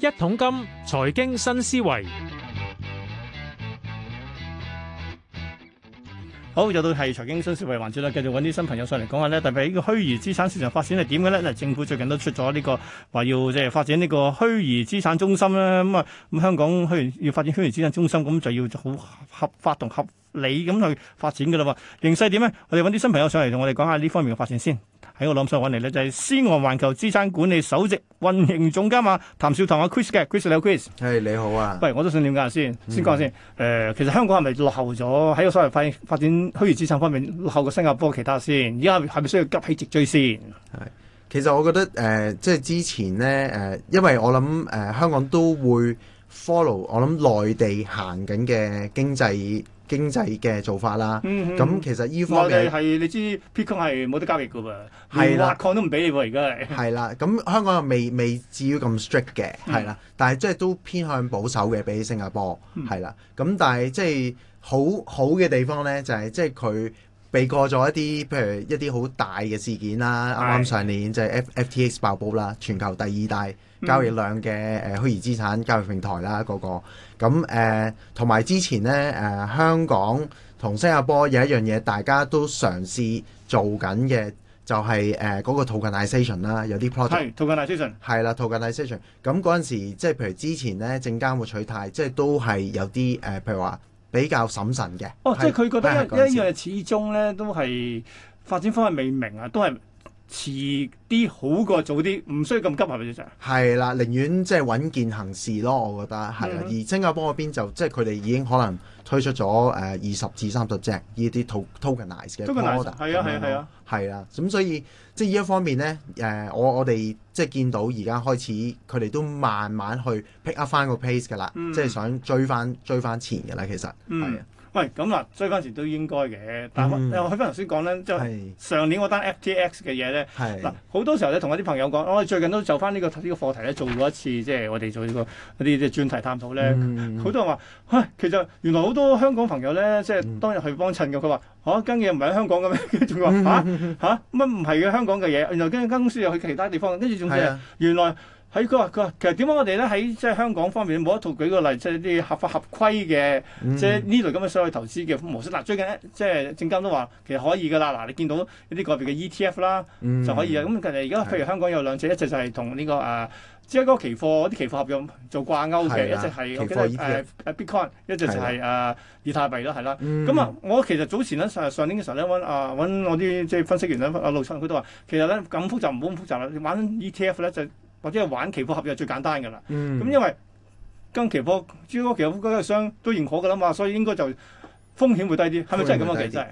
一桶金財經新思維，好又到係財經新思維環節啦，繼續揾啲新朋友上嚟講下咧。特別係呢個虛擬資產市場發展係點嘅咧。嗱，政府最近都出咗呢、這個話要即係發展呢個虛擬資產中心啦。咁啊，咁香港虛擬要發展虛擬資產中心，咁、嗯嗯、就要好合法同合。合合你咁去發展嘅啦喎，形勢點呢？我哋揾啲新朋友上嚟同我哋講下呢方面嘅發展先。喺我諗想揾嚟呢，就係獅昂環球資產管理首席運營總監嘛、啊，譚兆棠啊，Chris 嘅 Chris，你好，Chris 係、hey, 你好啊。喂，我都想了解先，嗯、先講下先。誒、呃，其實香港係咪落後咗喺個所謂發發展虛擬資產方面落後過新加坡其他先？而家係咪需要急起直追先？係其實我覺得誒，即、呃、係、就是、之前呢，誒、呃，因為我諗誒、呃、香港都會 follow 我諗內地行緊嘅經濟。經濟嘅做法啦，咁、嗯嗯、其實依方面係你知，PICO 係冇得交易噶喎，連挖礦都唔俾你喎，而家係。係、嗯、啦，咁香港又未未至於咁 strict 嘅，係啦，但係即係都偏向保守嘅，比起新加坡係啦，咁、嗯嗯、但係即係好好嘅地方咧，就係、是、即係佢。避過咗一啲，譬如一啲好大嘅事件啦。啱啱是上年就係 F FTX 爆煲啦，全球第二大交易量嘅誒虛擬資產交易平台啦，個個咁誒，同埋、呃、之前呢，誒、呃、香港同新加坡有一樣嘢，大家都嘗試做緊嘅，就係誒嗰個 tokenisation 啦，有啲 project 係 tokenisation 係啦，tokenisation。咁嗰陣時，即係譬如之前呢，證監會取態，即係都係有啲誒，譬如話。比較審慎嘅，哦，是即係佢覺得一是一樣是始終咧都係發展方向未明啊，都係。遲啲好過早啲，唔需要咁急係咪先？係啦，寧願即係穩健行事咯，我覺得係啦。嗯、而新加坡嗰邊就即係佢哋已經可能推出咗誒二十至三十隻呢啲 tokenized 嘅 model，係啊係啊係啊，係啦、er, 嗯。咁所以即係呢一方面咧，誒、呃、我我哋即係見到而家開始佢哋都慢慢去 pick up 翻個 pace 㗎啦，嗯、即係想追翻追翻前嘅啦，其實係。咁啦，嗯、追翻時都應該嘅，但係我返頭先講咧，即係、嗯、是上年我單 F T X 嘅嘢咧，嗱好是多時候咧，同我啲朋友講，我哋最近都就翻呢個呢個課題咧，做過一次，即係、嗯、我哋做呢個一啲啲專題探討咧，好、嗯、多人話，其實原來好多香港朋友咧，即、就、係、是、當日去幫襯嘅，佢話嚇，跟嘢唔係香港噉樣？跟住仲話吓？乜唔係嘅香港嘅嘢，原來跟住間公司又去其他地方，跟住仲要原來。係，佢話佢話其實點解我哋咧喺即係香港方面冇一套舉個例，即係啲合法合規嘅，即係呢類咁嘅所謂投資嘅模式。嗱，最近咧即係證監都話其實可以㗎啦。嗱，你見到一啲個別嘅 ETF 啦、嗯，就可以啊。咁其實而家譬如香港有兩隻，一隻就係同呢個誒、啊，即係嗰個期貨啲期貨合作，做掛鈎嘅，的一隻係期貨 ETF，uh, Bitcoin，一隻就係、是、誒的、uh, 以太幣啦，係啦。咁啊、嗯，我其實早前咧上年嘅時候咧揾啊我啲即係分析員咧啊陸佢都話其實咧咁複雜唔好咁複雜啦，玩 ETF 咧就。或者係玩期貨合約最簡單嘅啦，咁、嗯、因為跟期貨，主要啲期貨交易商都認可嘅啦嘛，所以應該就風險會低啲，係咪真係咁啊？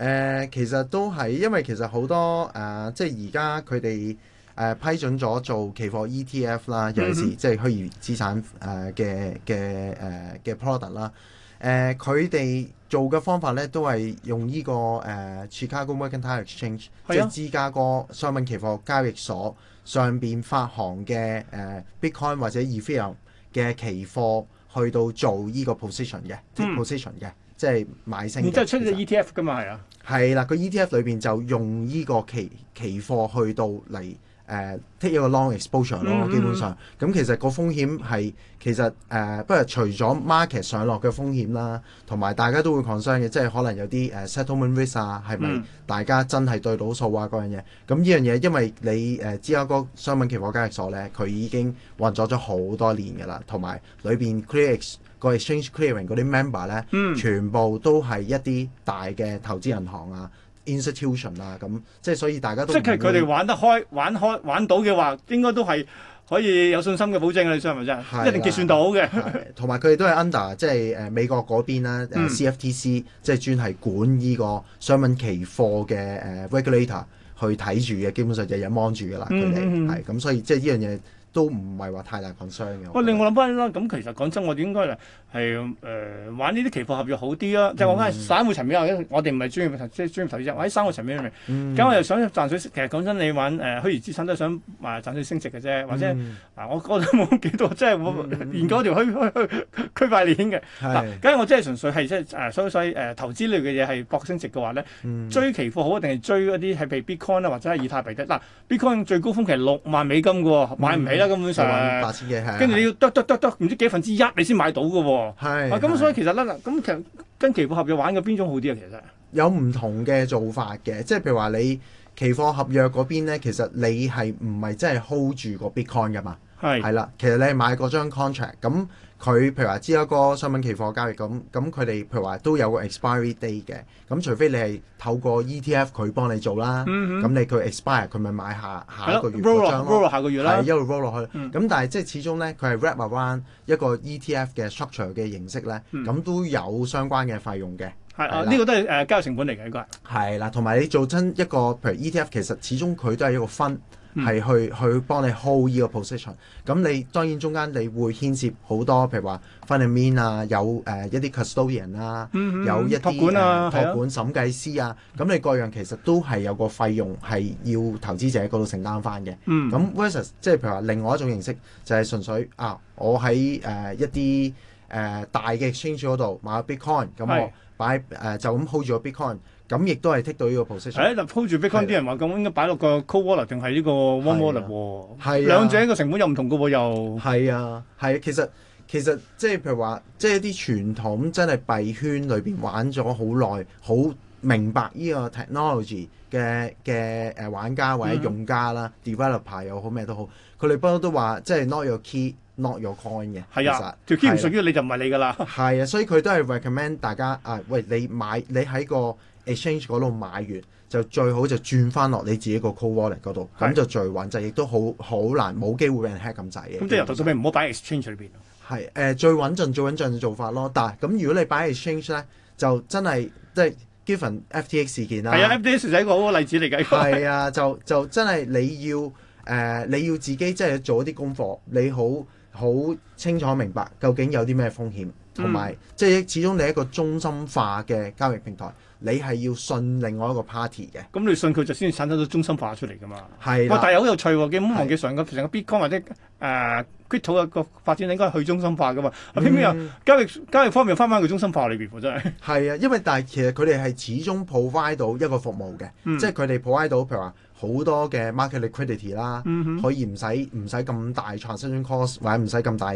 誒、呃，其實都係，因為其實好多誒、呃，即係而家佢哋誒批准咗做期貨 ETF 啦，尤其係、嗯、哼即係虛擬資產誒嘅嘅誒嘅 product 啦，誒佢哋做嘅方法咧都係用依、這個、呃、Chicago Mercantile Exchange，即係、啊、芝加哥商品期貨交易所。上邊發行嘅誒、呃、Bitcoin 或者 Ethereum 嘅期貨，去到做依個 position 嘅，即係 position 嘅，即係買升。然之後出咗 ETF 㗎嘛，係啊？係啦，個 ETF 裏邊就用依個期期貨去到嚟。嗯誒、uh, take 一個 long exposure 咯、mm，hmm. 基本上咁其實個風險係其實誒，uh, 不過除咗 market 上落嘅風險啦，同埋大家都會 concern 嘅，即係可能有啲誒 settlement risk 啊，係咪大家真係對到數啊嗰、mm hmm. 樣嘢？咁呢樣嘢因為你誒芝加哥商品期貨交易所咧，佢已經運作咗好多年㗎啦，同埋裏邊 clear 個 ex exchange clearing 嗰啲 member 咧，mm hmm. 全部都係一啲大嘅投資銀行啊。institution 啦咁，即係所以大家都即係佢哋玩得開玩開玩到嘅話，應該都係可以有信心嘅保證，你想係咪真係？是是 一定結算到嘅。同埋佢哋都係 under 即係誒美國嗰邊啦、嗯、CFTC 即係專係管呢個商品期貨嘅誒、呃、regulator 去睇住嘅，基本上就有人幫住㗎啦，佢哋係咁，所以即係呢樣嘢。都唔係話太大損傷嘅。喂，令我諗翻啦，咁其實講真，我應該嚟係誒玩呢啲期貨合約好啲啊！就係、我講係散戶層面啊，我哋唔係專業投，即係專業投資者。喺散戶層面入面。咁、嗯、我又想賺水。其實講真，你玩誒、呃、虛擬資產都係想誒賺水升值嘅啫，或者、嗯啊、我覺得冇幾多，即係、嗯、 研究條虛虛虛區塊鏈嘅。嗱，咁、啊、是我真係純粹係即係所以所以誒投資類嘅嘢係博升值嘅話咧，呢嗯、追期貨好定係追嗰啲係被 Bitcoin 或者係以太幣的？嗱、啊、，Bitcoin 最高峰期六萬美金嘅喎，買唔起。嗯而家根本上，白痴嘅，跟住你要剁剁剁剁，唔知幾分之一你先買到㗎喎、啊。咁是、啊嗯、所以其實啦，咁、嗯、其實跟期貨合約玩嘅邊種好啲啊？其實有唔同嘅做法嘅，即係譬如話你期貨合約嗰邊咧，其實你係唔係真係 hold 住個 Bitcoin 㗎嘛？係係啦，其實你係買嗰張 contract，咁佢譬如話只一個商品期貨交易，咁咁佢哋譬如話都有個 expiry day 嘅，咁除非你係透過 ETF 佢幫你做啦，咁、嗯、哼你佢 expire 佢咪買下下一個月嗰張咯，係一路 roll 落去。咁、嗯、但係即係始終呢，佢係 wrap around 一個 ETF 嘅 structure 嘅形式呢，咁、嗯、都有相關嘅費用嘅。係呢個都係誒交易成本嚟嘅應該。係啦，同埋你做親一個譬如 ETF，其實始終佢都係一個 fund。係去去幫你 hold 呢個 position，咁你當然中間你會牽涉好多，譬如話 fund admin 啊，有誒一啲 custodian 啦，有一啲託管審計師啊，咁、啊、你各樣其實都係有個費用係要投資者嗰度承擔翻嘅。咁、嗯、versus 即係譬如話另外一種形式就係、是、純粹啊，我喺誒、啊、一啲誒、啊、大嘅 exchange 嗰度買 Bitcoin，咁我擺誒是、uh, 就咁 hold 住個 Bitcoin。咁亦都係剔到呢個 position 係啦，鋪住 Bitcoin 啲人話咁，應該擺落個 Cold Wallet 定係呢個 Warm Wallet 喎。係、啊、兩者個成本又唔同嘅喎、啊，又係啊，係、啊、其實其實即係譬如話，即係啲傳統真係幣圈裏邊玩咗好耐，好明白呢個 technology 嘅嘅誒玩家或者用家啦 developer，又好咩都好，佢哋不嬲都話即係 not your key。Not your coin 嘅，其實條 key 唔屬於你就唔係你噶啦。係啊，所以佢都係 recommend 大家啊，喂，你買你喺個 exchange 嗰度買完，就最好就轉翻落你自己個 cold wallet 嗰度，咁就最穩。就亦都好好難冇機會俾人 hack 咁滯嘅。咁即係由頭到尾唔好擺 exchange 裏邊。係誒，最穩陣最穩陣嘅做法咯。但係咁如果你擺 exchange 咧，就真係即係 given FTX 事件啦。係啊，FTX 就係一個好例子嚟嘅。係啊，就就真係你要誒，你要自己即係做一啲功課，你好。好清楚明白究竟有啲咩風險，同埋、嗯、即係始終你係一個中心化嘅交易平台，你係要信另外一個 party 嘅，咁、嗯、你信佢就先至產生到中心化出嚟㗎嘛。係的，但係又好有趣嘅，唔好忘記上其成的個 Bitcoin 或者誒 Crypto 嘅發展應該係去中心化㗎嘛，嗯、偏偏又交易交易方面又翻返去中心化裏邊，真係。係啊，因為但係其實佢哋係始終 provide 到一個服務嘅，嗯、即係佢哋 provide 到譬如話。好多嘅 market liquidity 啦、嗯哼，可以唔使唔使咁大 transaction cost，或者唔使咁大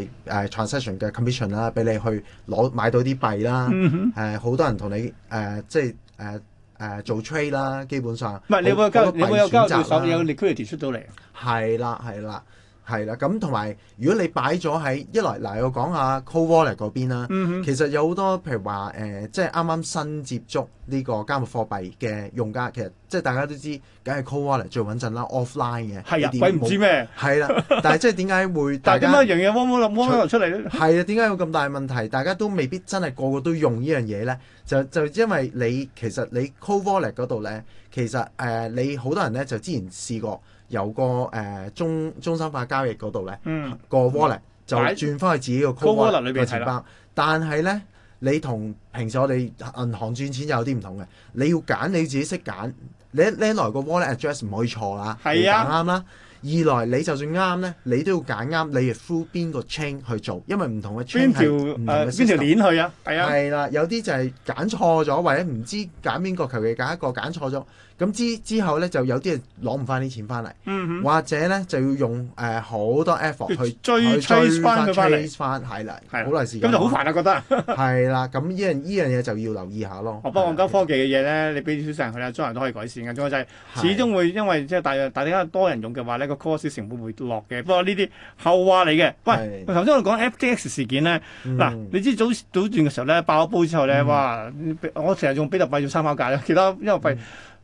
誒 transaction 嘅 commission 啦，俾你去攞買到啲幣啦。誒、嗯哼，好、呃、多人同你誒、呃，即係誒誒做 trade 啦，基本上。唔係你會交，多你會有，有交易所有 liquidity 出到嚟。係啦，係啦。係啦，咁同埋如果你擺咗喺一來嗱，我講下 cold wallet 嗰邊啦。嗯、哼其實有好多譬如話誒、呃，即係啱啱新接觸呢個加密貨幣嘅用家，其實即係大家都知，梗係 cold wallet 最穩陣啦，offline 嘅係啊，鬼唔的知咩係啦。但係即係點解會大家咁啊？樣樣摸摸撚出嚟咧？係啊，點解有咁大問題？大家都未必真係個個都用個呢樣嘢咧。就就因為你其實你 cold wallet 嗰度咧，其實誒、呃、你好多人咧就之前試過。由個誒、呃、中中心化交易嗰度咧，嗯、個 wallet、嗯、就轉翻去自己個 wallet 裏面嘅錢包，的但係咧你同平時我哋銀行轉錢有啲唔同嘅，你要揀，你要自己識揀，你一拎來個 wallet address 唔的可以錯啦，要揀啱啦。二來你就算啱咧，你都要揀啱，你亦敷邊個 chain 去做，因為唔同嘅 chain 係唔同嘅。邊條，邊條鏈去啊？係啊。係啦，有啲就係揀錯咗，或者唔知揀邊個，求其揀一個揀錯咗，咁之之後咧，就有啲係攞唔翻啲錢翻嚟。或者咧就要用誒好、呃、多 effort 追去追追翻佢翻嚟，係好耐費事。咁就好煩啊，覺得。係 啦，咁呢樣呢樣嘢就要留意下咯。不過、啊、我鳩科技嘅嘢咧，你俾啲小常佢啊，將來都可以改善嘅。主要就係始終會因為即係大約，大家多人用嘅話咧。c o 成本會落嘅，不過呢啲後話嚟嘅。喂，頭先是我講 FTX 事件咧，嗱、嗯，你知早早段嘅時候咧，爆咗煲之後咧，哇！我成日用比特幣做參考價啦，其他因為幣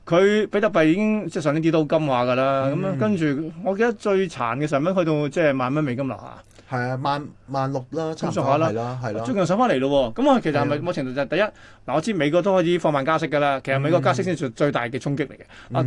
佢、嗯、比特幣已經即係上年跌到金話㗎啦，咁樣、嗯、跟住我記得最殘嘅時候去到即係萬蚊美金落下。係啊，萬萬六啦，差唔多啦，係啦，係啦，最近上翻嚟咯喎。咁我其實係咪某程度就係第一嗱？的我知美國都可以放慢加息㗎啦。其實美國加息先係最大嘅衝擊嚟嘅。嗯啊、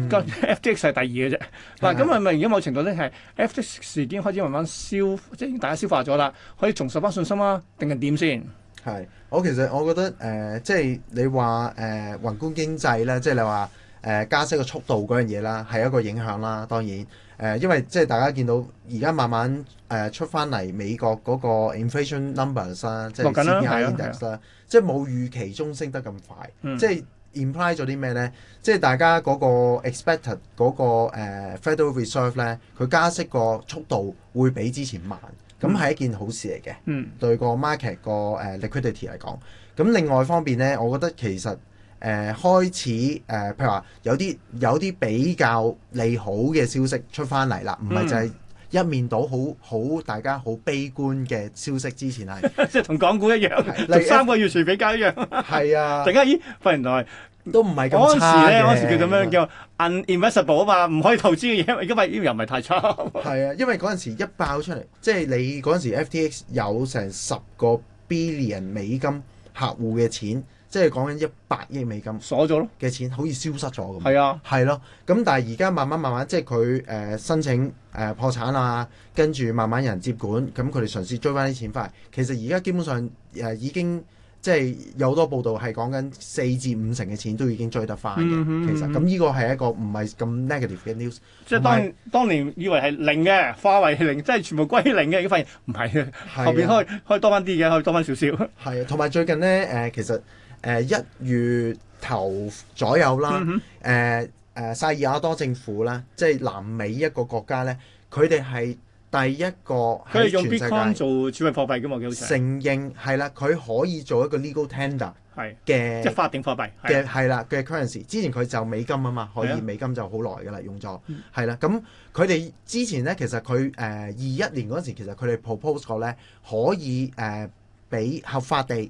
FTX 係第二嘅啫。嗱的，咁係咪而家某程度咧係 FTX 事件開始慢慢消，的即係大家消化咗啦，可以重拾翻信心啊？定係點先？係，我其實我覺得誒、呃，即係你話誒、呃、宏觀經濟咧，即係你話誒、呃、加息嘅速度嗰樣嘢啦，係一個影響啦。當然。誒，因為即係大家見到而家慢慢誒出翻嚟美國嗰個 inflation numbers 啦、啊，啊啊啊、即係 CPI index 啦，即係冇預期中升得咁快，即係 imply 咗啲咩呢？即、就、係、是、大家嗰個 expected 嗰、那個、uh, Federal Reserve 呢，佢加息個速度會比之前慢，咁係一件好事嚟嘅，嗯、對個 market 個誒、uh, liquidity 嚟講。咁另外方面呢，我覺得其實。誒、呃、開始誒、呃，譬如話有啲有啲比較利好嘅消息出翻嚟啦，唔係、嗯、就係一面倒好好大家好悲觀嘅消息之前係，即係同港股一樣，同是三個月前比較一樣，係啊，大家咦，忽然來都唔係咁差嗰陣時咧，嗰陣時叫咁樣叫 uninvestable 啊嘛，唔可以投資嘅嘢，因為又唔係太差。係啊，因為嗰陣時一爆出嚟，即、就、係、是、你嗰陣時 FTX 有成十個 billion 美金客戶嘅錢。即係講緊一百億美金鎖咗咯嘅錢，好似消失咗咁。係啊，係咯。咁但係而家慢慢慢慢，即係佢誒申請誒、呃、破產啦、啊，跟住慢慢有人接管，咁佢哋嘗試追翻啲錢翻嚟。其實而家基本上誒、呃、已經即係有多報道係講緊四至五成嘅錢都已經追得翻嘅。嗯、哼其實咁呢、嗯、哼個係一個唔係咁 negative 嘅 news。即係當當年以為係零嘅，化為零，即係全部歸零嘅，已經發現唔係啊。後面可以可以多翻啲嘅，可以多翻少少。係啊，同埋 最近呢，誒， 其實。誒一、uh, 月頭左右啦，誒誒薩爾瓦多政府啦，即係南美一個國家咧，佢哋係第一個全世界。佢哋用 Bitcoin 做儲備貨幣嘅嘛，幾承認係啦，佢可以做一個 legal tender 嘅，的的即係法定貨幣嘅係啦嘅 currency。Currency, 之前佢就美金啊嘛，可以美金就好耐嘅啦，的用咗係啦。咁佢哋之前咧，其實佢誒二一年嗰陣時，其實佢哋 propose 過咧，可以誒俾合法地。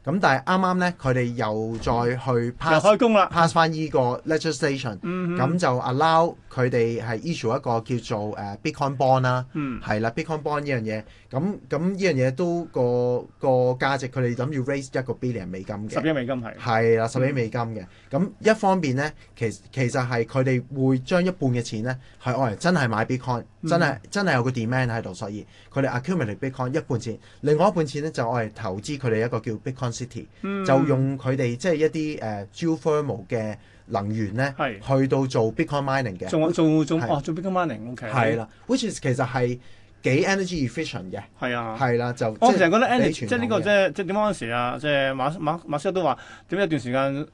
咁但係啱啱咧，佢哋又再去 pass，pass 翻呢個 legislation，咁、嗯、哼就 allow 佢哋係 issue 一個叫做誒、啊嗯、Bitcoin bond 啦，係啦 Bitcoin bond 呢樣嘢，咁咁呢樣嘢都、那個個價值佢哋諗要 raise 一個 billion 美金嘅，十億美金係，係啦，十億美金嘅，咁、嗯、一方面咧，其實其實係佢哋會將一半嘅錢咧係我係真係買 Bitcoin，真係、嗯、真係有個 demand 喺度，所以佢哋 accumulate Bitcoin 一半錢，另外一半錢咧就我係投資佢哋一個叫 Bitcoin。City、嗯、就用佢哋即係一啲誒 geothermal 嘅能源咧，是去到做 Bitcoin mining 嘅。做做做啊，做 Bitcoin mining，OK。係啦是、哦 okay.，which is 其實係幾 energy efficient 嘅。係啊的，係啦，就我成日就覺得 energy，即係呢、這個即係即係點啊嗰陣時啊，即係馬馬馬斯克都話點解一段時間，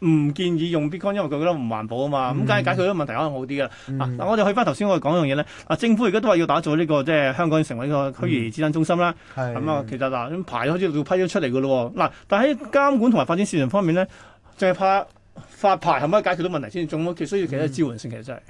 唔建議用 Bitcoin，因為佢覺得唔環保啊嘛。咁梗、嗯、解決咗問題，可能好啲噶啦。嗱、嗯，嗱、啊，我哋去翻頭先，我哋講一樣嘢咧。嗱，政府而家都話要打造呢、這個即係、就是、香港成為呢個虛擬資產中心啦。咁啊、嗯嗎，其實嗱，咁、啊、牌好似都批咗出嚟噶咯。嗱、啊，但係喺監管同埋發展市場方面咧，就係怕發牌係咪解決到問題先，仲需需要其他支援性其實真係。誒、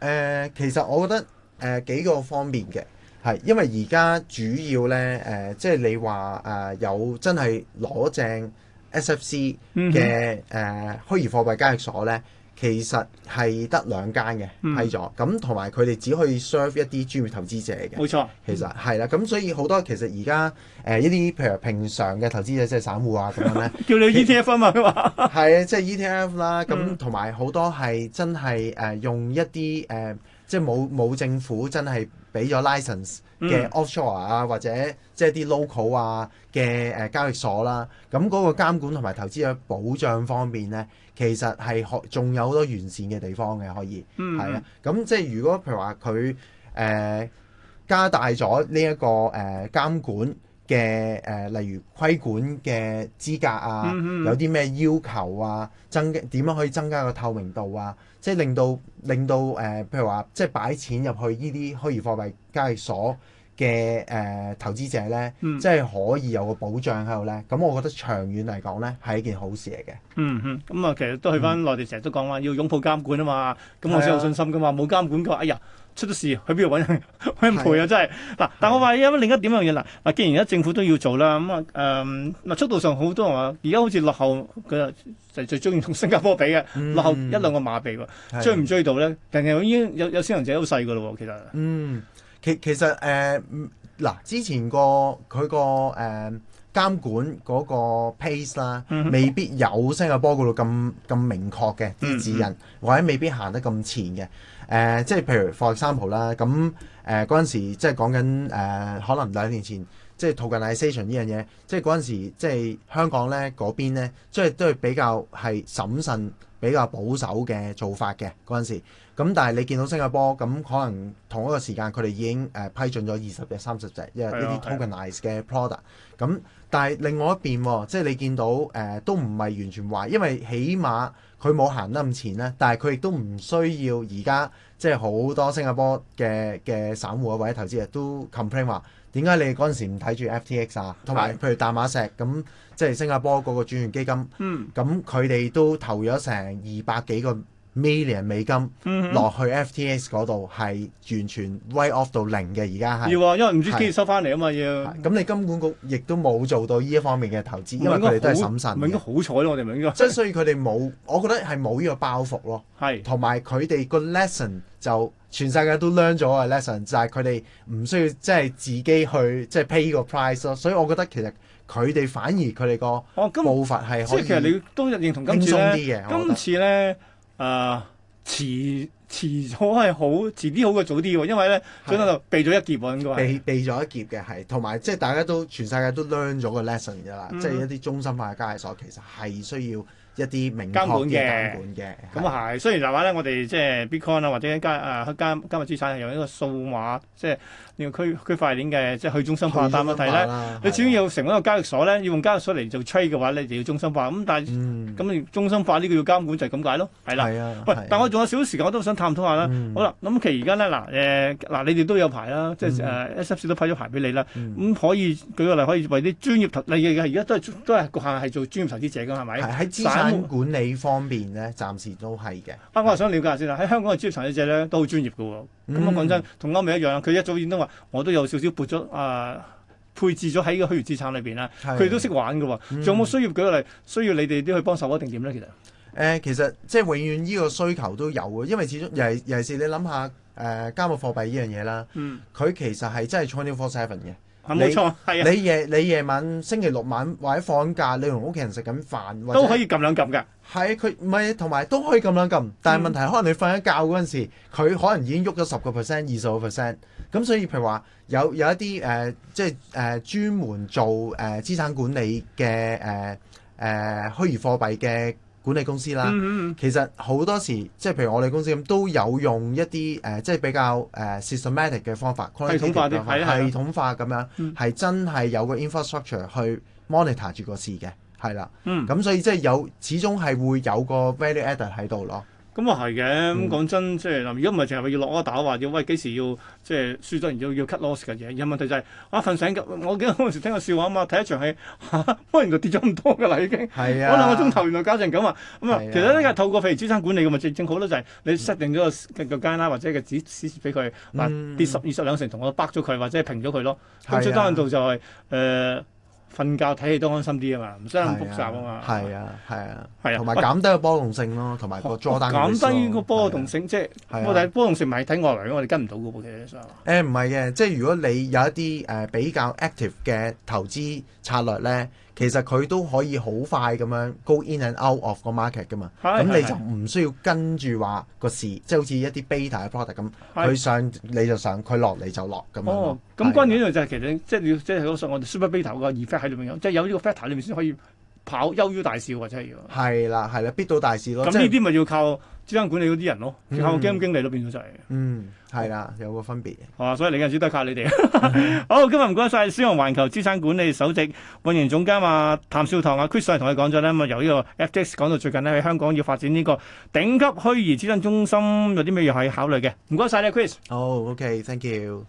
嗯呃，其實我覺得誒、呃、幾個方面嘅係，因為而家主要咧誒，即、呃、係、就是、你話誒有真係攞正。SFC 嘅誒虛擬貨幣交易所咧，其實係得兩間嘅批咗，咁同埋佢哋只可以 serve 一啲專業投資者嘅。冇錯，其實係啦，咁所以好多其實而家誒一啲譬如平常嘅投資者即係散戶啊咁樣咧， 叫你 ETF 啊嘛，係啊，即係 ETF 啦，咁同埋好多係真係誒用一啲誒即係冇冇政府真係俾咗 license 嘅 offshore 啊，或者即係啲 local 啊嘅誒交易所啦，咁嗰個監管同埋投資嘅保障方面咧，其實係可仲有好多完善嘅地方嘅，可以係啊，咁、嗯、即係如果譬如話，佢、呃、誒加大咗呢一個誒監管。嘅誒、呃，例如規管嘅資格啊，嗯、有啲咩要求啊，增點、like、樣可以增加個透明度啊？嗯嗯，即係令到令到誒，譬如話，即係擺錢入去呢啲虛擬貨幣交易所嘅誒投資者咧，即係可以有個保障喺度咧。咁我覺得長遠嚟講咧，係一件好事嚟嘅。嗯哼，咁啊，其實都係返內地成日都講話要擁抱監管啊嘛。咁、uh, 我先有信心噶嘛，冇、uh, 監管嘅，哎呀～出咗事，去邊度揾人揾賠啊！真係嗱，但我話有是另一點一樣嘢嗱，嗱，既然而家政府都要做啦，咁啊，誒，嗱，速度上多好多人話，而家好似落後，佢就最中意同新加坡比嘅，落後一、嗯、兩個馬鼻喎，的追唔追到咧？人人已經有有先行者優勢㗎咯喎，其實，嗯，其其實誒，嗱、呃，之前、嗰個佢個誒監管嗰個 pace 啦，未必有新加坡嗰度咁咁明確嘅啲指引，嗯嗯、或者未必行得咁前嘅。誒，uh, 即係譬如 for example 啦，咁誒嗰陣時，即係講緊誒，可能兩年前，即係 tokenization 呢樣嘢，即係嗰陣時，即係香港咧嗰邊咧，即係都係比較係審慎、比較保守嘅做法嘅嗰陣時。咁但係你見到新加坡咁，可能同一個時間佢哋已經誒批准咗二十隻、三十隻，即係呢啲 tokenize 嘅 product。咁的但係另外一邊，即係你見到誒、呃、都唔係完全壞，因為起碼佢冇行得咁前咧。但係佢亦都唔需要而家即係好多新加坡嘅嘅散戶或者投資人都 complain 話：點解你嗰陣時唔睇住 FTX 啊？同埋譬如大馬石咁，即係新加坡嗰個轉型基金，咁佢哋都投咗成二百幾個 million 美金落去 FTS 嗰度，係完全 write off 到零嘅，而家係要啊，因為唔知幾時收翻嚟啊嘛要。咁你金管局亦都冇做到呢一方面嘅投資，因為佢哋都係審慎，唔唔係應該好彩咯，我哋咪應該。即係所以佢哋冇，我覺得係冇呢個包袱咯。係，同埋佢哋個 lesson 就全世界都 learn 咗個 lesson，就係佢哋唔需要即係自己去即係 pay 呢個 price 咯。所以我覺得其實佢哋反而佢哋個步伐係可以、哦、即係其實你都認同今次咧，今次咧。誒、uh, 遲遲早係好遲啲好過早啲嘅，因為咧喺就避咗一劫喎，應該避避咗一劫嘅，係同埋即係大家都全世界都 learn 咗個 lesson 㗎啦，嗯、即係一啲中心化嘅交易所其實係需要。一啲監管嘅，監管嘅，咁啊係。雖然就話咧，我哋即係 Bitcoin 啊，或者一間誒一間加密資產係用一個數碼，即係要區區塊鏈嘅，即係去中心化。但問題咧，你始終要成一個交易所咧，要用交易所嚟做 Trade 嘅話你就要中心化。咁但係，咁中心化呢個要監管就係咁解咯，係啦。喂，但我仲有少少時間，我都想探討下啦。好啦，咁其實而家咧嗱誒嗱，你哋都有牌啦，即係誒 SFC 都批咗牌俾你啦。咁可以舉個例，可以為啲專業投，你而家都係都係局限係做專業投資者噶，係咪？喺管理方面咧，暫時都係嘅。啊，我想了解下先啦。喺香港嘅專業投資者咧，都好專業嘅喎。咁我講真，同歐美一樣，佢一早已經都話，我都有少少撥咗啊、呃，配置咗喺個虛擬資產裏邊啦。佢的都識玩嘅喎。仲有冇需要舉個例？需要你哋啲去幫手穩定點咧？其實誒，其實即係永遠呢個需求都有嘅，因為始終尤其、尤其係你諗下誒，加密貨幣呢樣嘢啦，佢、嗯、其實係真係 twenty four seven 嘅。冇錯，係啊！你你夜你夜晚星期六晚或者放假，你同屋企人食緊飯都按按，都可以撳兩撳嘅。係，佢唔係同埋都可以撳兩撳，但係問題、嗯、可能你瞓緊覺嗰陣時，佢可能已經喐咗十個 percent、二十個 percent，咁所以譬如話有有一啲誒，即係誒專門做誒、呃、資產管理嘅誒誒虛擬貨幣嘅管理公司啦，嗯嗯、其實好多時即係譬如我哋公司咁，都有用一啲誒、呃，即係比較誒、呃、systematic 嘅方法，系統化啲，系統化咁樣，係、嗯、真係有個 infrastructure 去 monitor 住個事嘅，係啦，咁、嗯嗯、所以即係有始終係會有個 value added 喺度咯。咁啊係嘅，咁講、嗯嗯、真，即係嗱，如果唔係，淨係要落一斗話，要喂幾時要即係輸咗，要要 cut loss 嘅嘢。而問題就係、是，哇、啊！瞓醒，我記得嗰陣時聽個笑話啊嘛，睇一場戲，哇、啊！原來跌咗咁多㗎啦，已經。係啊。講兩個鐘頭，原來搞成咁、嗯、啊！咁啊，其實呢個透過譬如資產管理嘅嘛，正正好都就係你設定咗個個間啦，或者個指指示俾佢，跌十二十兩成，同我 b a 咗佢，或者平咗佢咯。咁最多限度就係誒。瞓覺睇戲都安心啲啊嘛，唔使咁複雜啊嘛，係啊係啊，係啊，同埋、啊啊、減低個波動性咯，同埋、啊、個作擔減低個波動性，即係我哋波動性唔咪睇外圍咯，我哋跟唔到嘅喎，其實誒，唔係嘅，即係如果你有一啲誒、呃、比較 active 嘅投資策略咧。其實佢都可以好快咁樣 go in and out of 個 market 㗎嘛，咁是你就唔需要跟住話個市，即係好似一啲 beta 嘅 product 咁，佢上是是 你就上，佢落你就落咁樣。哦，咁關鍵呢樣就係其實即係要即係我哋 super beta 個 effect 喺裏面有，即係有呢個 factor 裏面先可以。跑優於大市喎，啊，真係要。係啦，係啦，必到大市咯。咁呢啲咪要靠資產管理嗰啲人咯，靠基金經理咯，變咗出嚟。嗯，係啦，就是嗯，有個分別。啊，所以你嗰陣都係靠你哋。好， 今日唔該晒，獅昂環球資產管理首席運營總監阿譚兆棠阿 Chris 同你 講咗咧，咁啊由呢個 FX 講到最近呢，喺香港要發展呢個頂級虛擬資產中心有啲咩可以考慮嘅。唔該晒，你，Chris。好 ，oh，OK，Thank、okay, you。